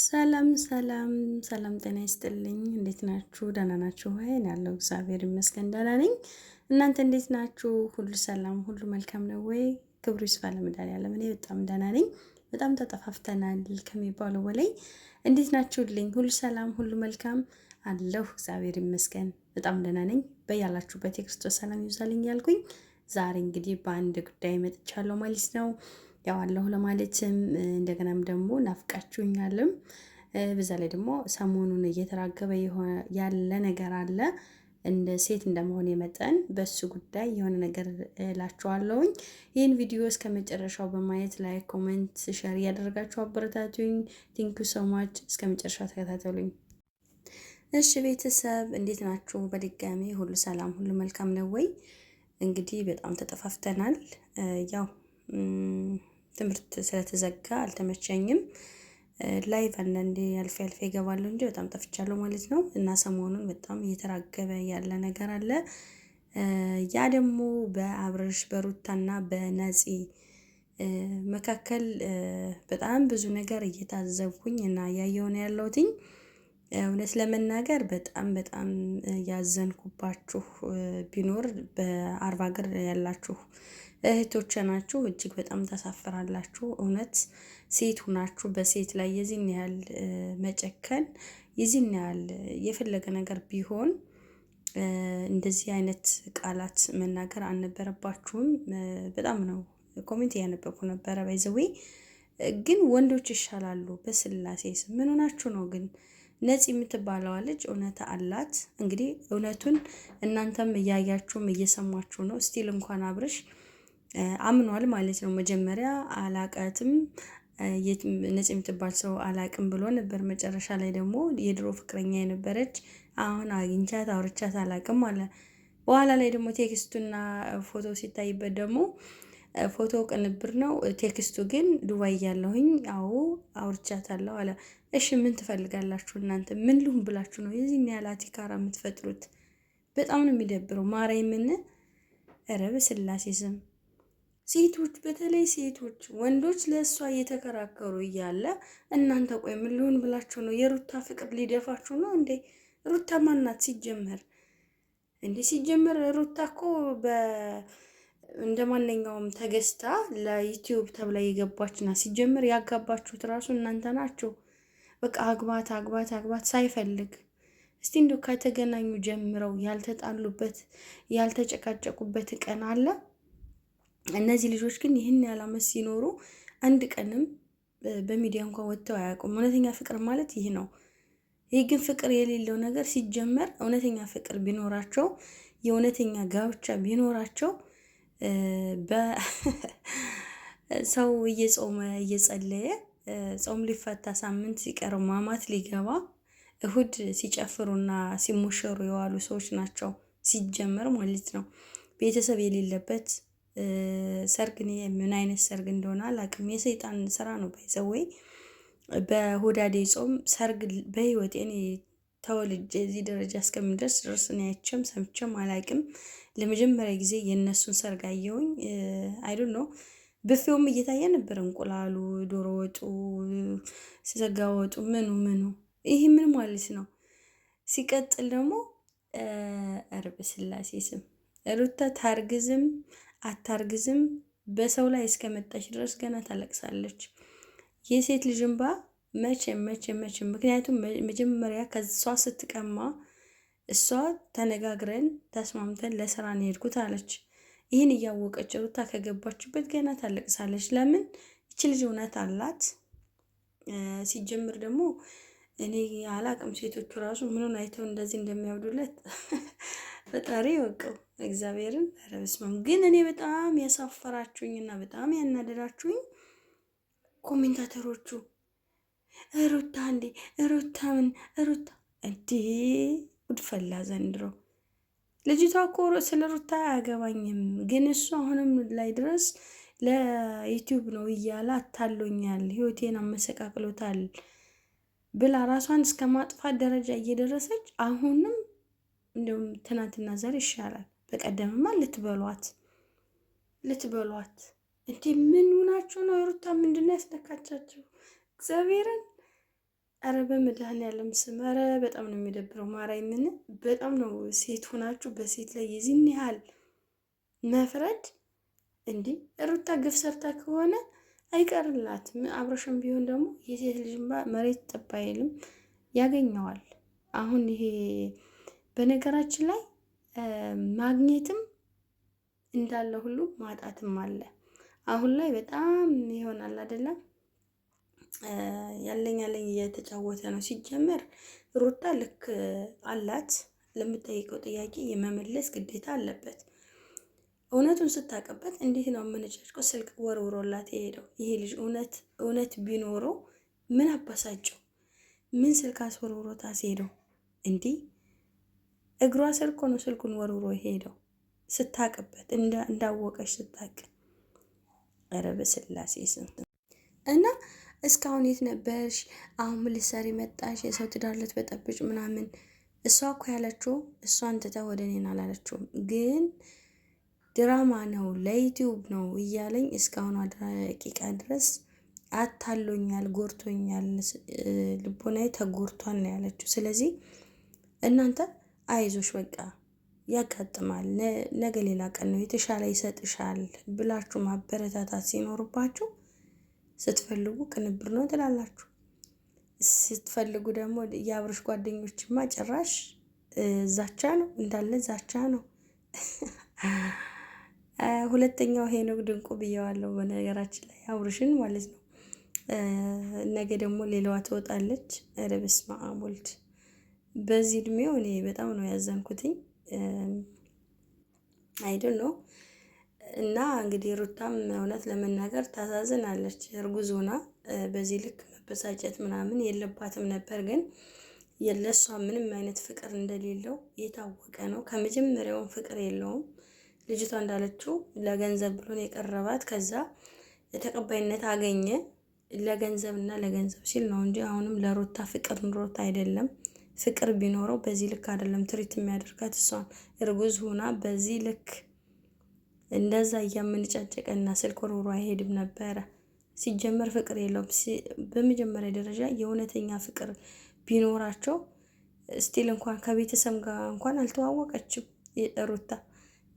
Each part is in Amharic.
ሰላም ሰላም ሰላም፣ ጤና ይስጥልኝ። እንዴት ናችሁ? ደህና ናችሁ ወይ? ያለው እግዚአብሔር ይመስገን ደህና ነኝ። እናንተ እንዴት ናችሁ? ሁሉ ሰላም፣ ሁሉ መልካም ነው ወይ? ክብሩ ይስፋ ለመድኃኒዓለም። እኔ በጣም ደህና ነኝ። በጣም ተጠፋፍተናል ከሚባለው በላይ። እንዴት ናችሁልኝ? ሁሉ ሰላም፣ ሁሉ መልካም አለሁ። እግዚአብሔር ይመስገን በጣም ደህና ነኝ። በያላችሁበት የክርስቶስ ሰላም ይብዛልኝ ያልኩኝ ዛሬ እንግዲህ በአንድ ጉዳይ መጥቻለሁ ማለት ነው ያዋለሁ ለማለትም እንደገናም ደግሞ ናፍቃችሁኛልም። በዛ ላይ ደግሞ ሰሞኑን እየተራገበ ያለ ነገር አለ። እንደ ሴት እንደመሆን የመጠን በሱ ጉዳይ የሆነ ነገር እላችኋለሁኝ። ይህን ቪዲዮ እስከ መጨረሻው በማየት ላይ ኮመንት ሸር እያደረጋችሁ አበረታቱኝ። ቲንክ ዩ ሶ ማች። እስከ መጨረሻው ተከታተሉኝ። እሺ ቤተሰብ እንዴት ናችሁ? በድጋሚ ሁሉ ሰላም፣ ሁሉ መልካም ነው ወይ? እንግዲህ በጣም ተጠፋፍተናል ያው ትምህርት ስለተዘጋ አልተመቸኝም። ላይቭ አንዳንዴ አልፌ አልፌ እገባለሁ እንጂ በጣም ጠፍቻለሁ ማለት ነው። እና ሰሞኑን በጣም እየተራገበ ያለ ነገር አለ። ያ ደግሞ በሩታ በሩታና በነፂ መካከል በጣም ብዙ ነገር እየታዘብኩኝ እና እያየሁ ነው ያለሁትኝ። እውነት ለመናገር በጣም በጣም ያዘንኩባችሁ ቢኖር በአርባ ሀገር ያላችሁ እህቶቼ ናችሁ። እጅግ በጣም ታሳፍራላችሁ። እውነት ሴት ሁናችሁ በሴት ላይ የዚህን ያህል መጨከን የዚህን ያህል የፈለገ ነገር ቢሆን እንደዚህ አይነት ቃላት መናገር አልነበረባችሁም። በጣም ነው ኮሜንት እያነበብኩ ነበረ። ባይዘዌ ግን ወንዶች ይሻላሉ። በስላሴ ስም ምን ሆናችሁ ነው ግን ነፂ የምትባለዋ ልጅ እውነት አላት። እንግዲህ እውነቱን እናንተም እያያችሁም እየሰማችሁ ነው። ስቲል እንኳን አብርሽ አምኗል ማለት ነው። መጀመሪያ አላቃትም ነፂ የምትባል ሰው አላቅም ብሎ ነበር። መጨረሻ ላይ ደግሞ የድሮ ፍቅረኛ የነበረች አሁን አግኝቻት አውርቻት አላቅም አለ። በኋላ ላይ ደግሞ ቴክስቱና ፎቶ ሲታይበት ደግሞ ፎቶ ቅንብር ነው። ቴክስቱ ግን ዱባይ ያለሁኝ አዎ አውርቻታለሁ አለ። እሺ ምን ትፈልጋላችሁ እናንተ? ምን ልሁን ብላችሁ ነው የዚህን ያህል አቲካራ የምትፈጥሩት? በጣም ነው የሚደብረው። ማርያምን ኧረ በስላሴ ስም ሴቶች በተለይ ሴቶች ወንዶች ለእሷ እየተከራከሩ እያለ እናንተ ቆይ ምን ልሁን ብላችሁ ነው? የሩታ ፍቅር ሊደፋችሁ ነው እንዴ? ሩታ ማናት ሲጀመር? እንዴ ሲጀመር ሩታ እኮ በ እንደ ማንኛውም ተገዝታ ለዩቲዩብ ተብላ የገባችና ሲጀምር ያጋባችሁት ራሱ እናንተ ናችሁ። በቃ አግባት አግባት አግባት ሳይፈልግ እስቲ እንዲ ከተገናኙ ጀምረው ያልተጣሉበት ያልተጨቃጨቁበት ቀን አለ። እነዚህ ልጆች ግን ይህን ያህል ዓመት ሲኖሩ አንድ ቀንም በሚዲያ እንኳን ወጥተው አያውቁም። እውነተኛ ፍቅር ማለት ይህ ነው። ይህ ግን ፍቅር የሌለው ነገር ሲጀመር፣ እውነተኛ ፍቅር ቢኖራቸው የእውነተኛ ጋብቻ ቢኖራቸው ሰው እየጾመ እየጸለየ ጾም ሊፈታ ሳምንት ሲቀር ማማት ሊገባ እሁድ ሲጨፍሩና ሲሞሸሩ የዋሉ ሰዎች ናቸው። ሲጀመር ማለት ነው። ቤተሰብ የሌለበት ሰርግ፣ ምን አይነት ሰርግ እንደሆነ አላውቅም። የሰይጣን ስራ ነው። ባይዘወይ በሆዳዴ ጾም ሰርግ በህይወት እኔ ተወልጄ እዚህ ደረጃ እስከምደርስ ድረስ እኔ አይቼም ሰምቼም አላውቅም። ለመጀመሪያ ጊዜ የእነሱን ሰርግ አየሁኝ። አይዶን ነው ብፌውም እየታየ ነበር። እንቁላሉ፣ ዶሮ ወጡ፣ ስጋ ወጡ፣ ምኑ ምኑ ይህ ምን ማለት ነው? ሲቀጥል ደግሞ እርብ ስላሴ ስም ሩታ ታርግዝም አታርግዝም በሰው ላይ እስከመጣች ድረስ ገና ታለቅሳለች። የሴት ልጅ እንባ መቼም መቼም መቼም ምክንያቱም መጀመሪያ ከሷ ስትቀማ እሷ ተነጋግረን ተስማምተን ለስራ ነው የሄድኩት አለች። ይህን እያወቀች ሩታ ከገባችበት ገና ታለቅሳለች። ለምን ይቺ ልጅ እውነት አላት። ሲጀምር ደግሞ እኔ አላቅም ሴቶቹ ራሱ ምኑን አይተው እንደዚህ እንደሚያብዱለት ፈጣሪ ወቀው እግዚአብሔርን ረብስማም። ግን እኔ በጣም ያሳፈራችሁኝ እና በጣም ያናደዳችሁኝ ኮሜንታተሮቹ ሩታ እንዴ ሩታ ምን ሩታ እንዴ ጉድ ፈላ ዘንድሮ። ልጅቷ እኮ ስለ ሩታ አያገባኝም፣ ግን እሱ አሁንም ላይ ድረስ ለዩቲዩብ ነው እያለ አታሎኛል፣ ህይወቴን አመሰቃቅሎታል ብላ ራሷን እስከ ማጥፋት ደረጃ እየደረሰች አሁንም እንዲሁም ትናንትና ዘር ይሻላል። በቀደምማ ልትበሏት ልትበሏት እንዴ! ምን ሆናችሁ ነው? ሩታ ምንድን ነው ያስነካቻችሁ? እግዚአብሔርን አረ በመድኃኒዓለም ስም ኧረ በጣም ነው የሚደብረው። ማርያምን በጣም ነው ሴት ሆናችሁ በሴት ላይ የዚህን ያህል መፍረድ እንዴ! ሩታ ግፍ ሰርታ ከሆነ አይቀርላትም። አብረሽም ቢሆን ደግሞ የሴት ልጅ መሬት ጠብ አይልም፣ ያገኘዋል። አሁን ይሄ በነገራችን ላይ ማግኘትም እንዳለ ሁሉ ማጣትም አለ። አሁን ላይ በጣም ይሆናል አይደለም ያለኝ ያለኝ እየተጫወተ ነው። ሲጀመር ሩታ ልክ አላት ለምጠይቀው ጥያቄ የመመለስ ግዴታ አለበት። እውነቱን ስታቀበት እንዴት ነው የምንጨጭቀው? ስልክ ወርውሮላት የሄደው ይሄ ልጅ እውነት እውነት ቢኖረው ምን አባሳጨው? ምን ስልክ አስወርውሮታ ሲሄደው እንዲህ እግሯ ስር እኮ ነው ስልኩን ወርውሮ ሄደው። ስታቅበት እንዳወቀች ስታቅ፣ ኧረ በስላሴ ስንት እና እስካሁን የት ነበርሽ? አሁን ምን ልትሰሪ መጣሽ? የሰው ትዳር ልትበጠብጭ ምናምን። እሷ እኮ ያለችው እሷን ትታ ወደ እኔን አላለችውም፣ ግን ድራማ ነው ለዩቲዩብ ነው እያለኝ እስካሁን ደቂቃ ድረስ አታሎኛል፣ ጎርቶኛል፣ ልቦናዬ ተጎርቷል ነው ያለችው። ስለዚህ እናንተ አይዞሽ በቃ ያጋጥማል፣ ነገ ሌላ ቀን ነው የተሻለ ይሰጥሻል ብላችሁ ማበረታታት ሲኖርባችሁ ስትፈልጉ ቅንብር ነው ትላላችሁ። ስትፈልጉ ደግሞ የአብርሽ ጓደኞችማ ጭራሽ ዛቻ ነው እንዳለ ዛቻ ነው። ሁለተኛው ሄኖክ ድንቁ ብየዋለሁ። በነገራችን ላይ አብርሽን ማለት ነው። ነገ ደግሞ ሌላዋ ትወጣለች። ኧረ በስመ አብ ወልድ። በዚህ እድሜው እኔ በጣም ነው ያዘንኩትኝ። አይደ ነው እና እንግዲህ ሩታም እውነት ለመናገር ታሳዝናለች። እርጉዝ ሆና በዚህ ልክ መበሳጨት ምናምን የለባትም ነበር ግን የለሷ ምንም አይነት ፍቅር እንደሌለው የታወቀ ነው። ከመጀመሪያውን ፍቅር የለውም። ልጅቷ እንዳለችው ለገንዘብ ብሎን የቀረባት ከዛ ተቀባይነት አገኘ። ለገንዘብ እና ለገንዘብ ሲል ነው እንጂ አሁንም ለሩታ ፍቅር ኑሮት አይደለም። ፍቅር ቢኖረው በዚህ ልክ አይደለም ትሪት የሚያደርጋት እሷን እርጉዝ ሆና በዚህ ልክ እንደዛ እያምንጫጨቀና ስልክ ወርውሮ አይሄድም ነበረ። ሲጀመር ፍቅር የለውም። በመጀመሪያ ደረጃ የእውነተኛ ፍቅር ቢኖራቸው ስቲል እንኳን ከቤተሰብ ጋር እንኳን አልተዋወቀችም። ሩታ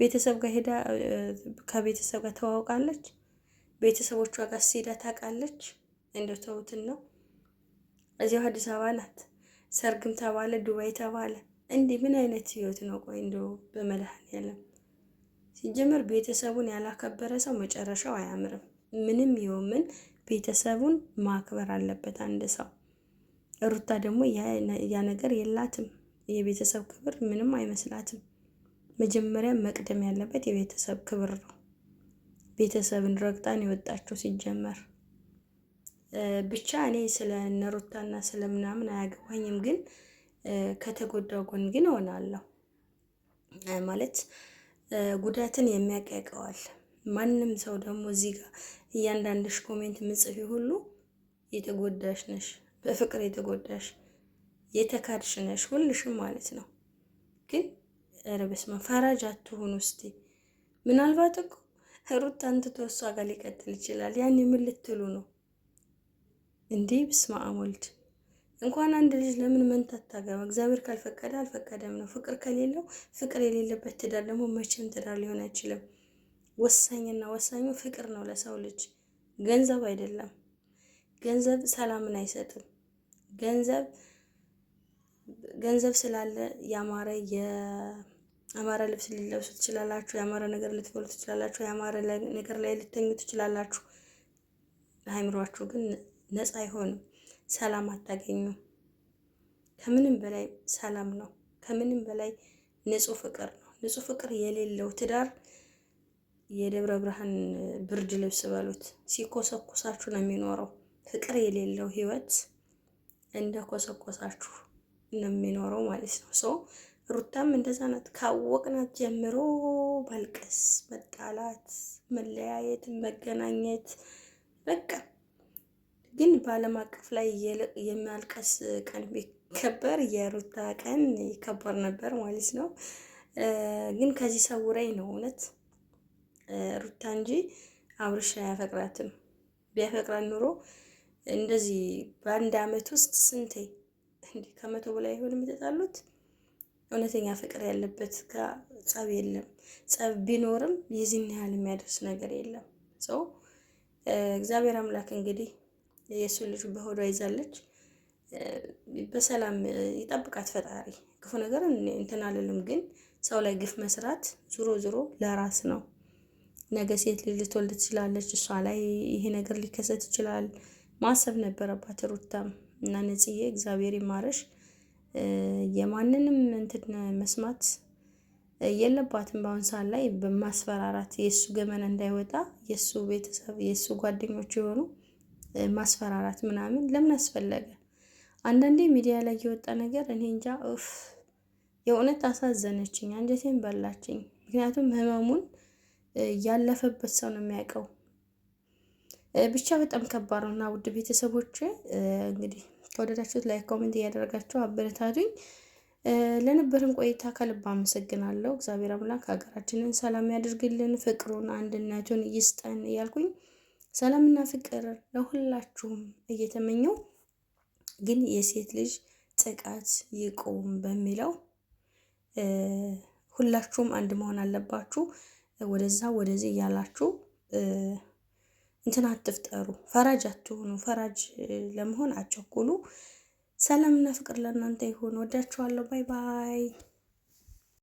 ቤተሰብ ጋር ሄዳ ከቤተሰብ ጋር ተዋውቃለች። ቤተሰቦቿ ጋር ሲሄዳ ታውቃለች። እንደው ነው። እዚያው አዲስ አበባ ናት። ሰርግም ተባለ ዱባይ ተባለ። እንዲህ ምን አይነት ህይወት ነው? ቆይ እንደው በመድኃኒዓለም ሲጀመር ቤተሰቡን ያላከበረ ሰው መጨረሻው አያምርም። ምንም ይሁን ምን ቤተሰቡን ማክበር አለበት አንድ ሰው። ሩታ ደግሞ ያ ነገር የላትም። የቤተሰብ ክብር ምንም አይመስላትም። መጀመሪያ መቅደም ያለበት የቤተሰብ ክብር ነው። ቤተሰብን ረግጣን የወጣቸው ሲጀመር ብቻ እኔ ስለ ነሩታና ስለ ምናምን አያገባኝም፣ ግን ከተጎዳው ጎን ግን እሆናለሁ ማለት ጉዳትን የሚያቀቀዋል። ማንም ሰው ደግሞ እዚህ ጋር እያንዳንድሽ ኮሜንት ምጽፊ ሁሉ የተጎዳሽ ነሽ፣ በፍቅር የተጎዳሽ የተካድሽ ነሽ፣ ሁልሽም ማለት ነው። ግን ኧረ በስመ አብ ፈራጅ አትሁኑ እስቲ። ምናልባት እኮ ሩት አንትቶ እሷ ጋር ሊቀጥል ይችላል። ያን የምልትሉ ነው እንዲህ? ብስማ አሞልድ እንኳን አንድ ልጅ ለምን መንታ ታገባ? እግዚአብሔር ካልፈቀደ አልፈቀደም ነው። ፍቅር ከሌለው ፍቅር የሌለበት ትዳር ደግሞ መቼም ትዳር ሊሆን አይችልም። ወሳኝና ወሳኙ ፍቅር ነው ለሰው ልጅ ገንዘብ አይደለም። ገንዘብ ሰላምን አይሰጥም። ገንዘብ ገንዘብ ስላለ ያማረ የአማረ ልብስ ሊለብሱ ትችላላችሁ። ያማረ ነገር ልትበሉ ትችላላችሁ። ያማረ ነገር ላይ ልተኙ ትችላላችሁ። ለአይምሯችሁ ግን ነፃ አይሆንም። ሰላም አታገኙም። ከምንም በላይ ሰላም ነው። ከምንም በላይ ንጹህ ፍቅር ነው። ንጹህ ፍቅር የሌለው ትዳር የደብረ ብርሃን ብርድ ልብስ በሉት ሲኮሰኮሳችሁ ነው የሚኖረው። ፍቅር የሌለው ህይወት እንደ ኮሰኮሳችሁ ነው የሚኖረው ማለት ነው። ሰው ሩታም እንደዛ ናት። ካወቅናት ጀምሮ ባልቀስ፣ መጣላት፣ መለያየት፣ መገናኘት በቃ ግን በዓለም አቀፍ ላይ የማልቀስ ቀን ቢከበር የሩታ ቀን ይከበር ነበር ማለት ነው። ግን ከዚህ ሰውረኝ ነው እውነት ሩታ እንጂ አብርሽ አያፈቅራትም። ቢያፈቅራት ኑሮ እንደዚህ በአንድ አመት ውስጥ ስንቴ እንዲህ ከመቶ በላይ አይሆንም የተጣሉት። እውነተኛ ፍቅር ያለበት ጋር ጸብ የለም። ጸብ ቢኖርም የዚህን ያህል የሚያደርስ ነገር የለም። ሰው እግዚአብሔር አምላክ እንግዲህ የእሱ ልጅ በሆዷ ይዛለች። በሰላም ይጠብቃት ፈጣሪ። ክፉ ነገር እንትን አልልም፣ ግን ሰው ላይ ግፍ መስራት ዝሮ ዝሮ ለራስ ነው። ነገ ሴት ልጅ ልትወልድ ትችላለች። እሷ ላይ ይሄ ነገር ሊከሰት ይችላል። ማሰብ ነበረባት ሩታም እና ነጽዬ፣ እግዚአብሔር ይማረሽ። የማንንም እንትን መስማት የለባትም። በአሁን ሰዓት ላይ በማስፈራራት የእሱ ገመና እንዳይወጣ የእሱ ቤተሰብ የእሱ ጓደኞች የሆኑ ማስፈራራት ምናምን ለምን አስፈለገ? አንዳንዴ ሚዲያ ላይ የወጣ ነገር እኔ እንጃ ፍ የእውነት አሳዘነችኝ፣ አንጀቴን በላችኝ። ምክንያቱም ህመሙን ያለፈበት ሰው ነው የሚያውቀው። ብቻ በጣም ከባድ ነው እና ውድ ቤተሰቦች እንግዲህ ከወደዳችሁት ላይ ኮሜንት እያደረጋችሁ አበረታቱኝ። ለነበረን ቆይታ ከልብ አመሰግናለሁ። እግዚአብሔር አምላክ ሀገራችንን ሰላም ያድርግልን፣ ፍቅሩን አንድነቱን ይስጠን እያልኩኝ ሰላምና ፍቅር ለሁላችሁም እየተመኘው ግን የሴት ልጅ ጥቃት ይቁም በሚለው ሁላችሁም አንድ መሆን አለባችሁ። ወደዛ ወደዚህ እያላችሁ እንትን አትፍጠሩ፣ ፈራጅ አትሆኑ፣ ፈራጅ ለመሆን አቸኩሉ። ሰላምና ፍቅር ለእናንተ ይሁን። ወዳችኋለሁ። ባይ ባይ።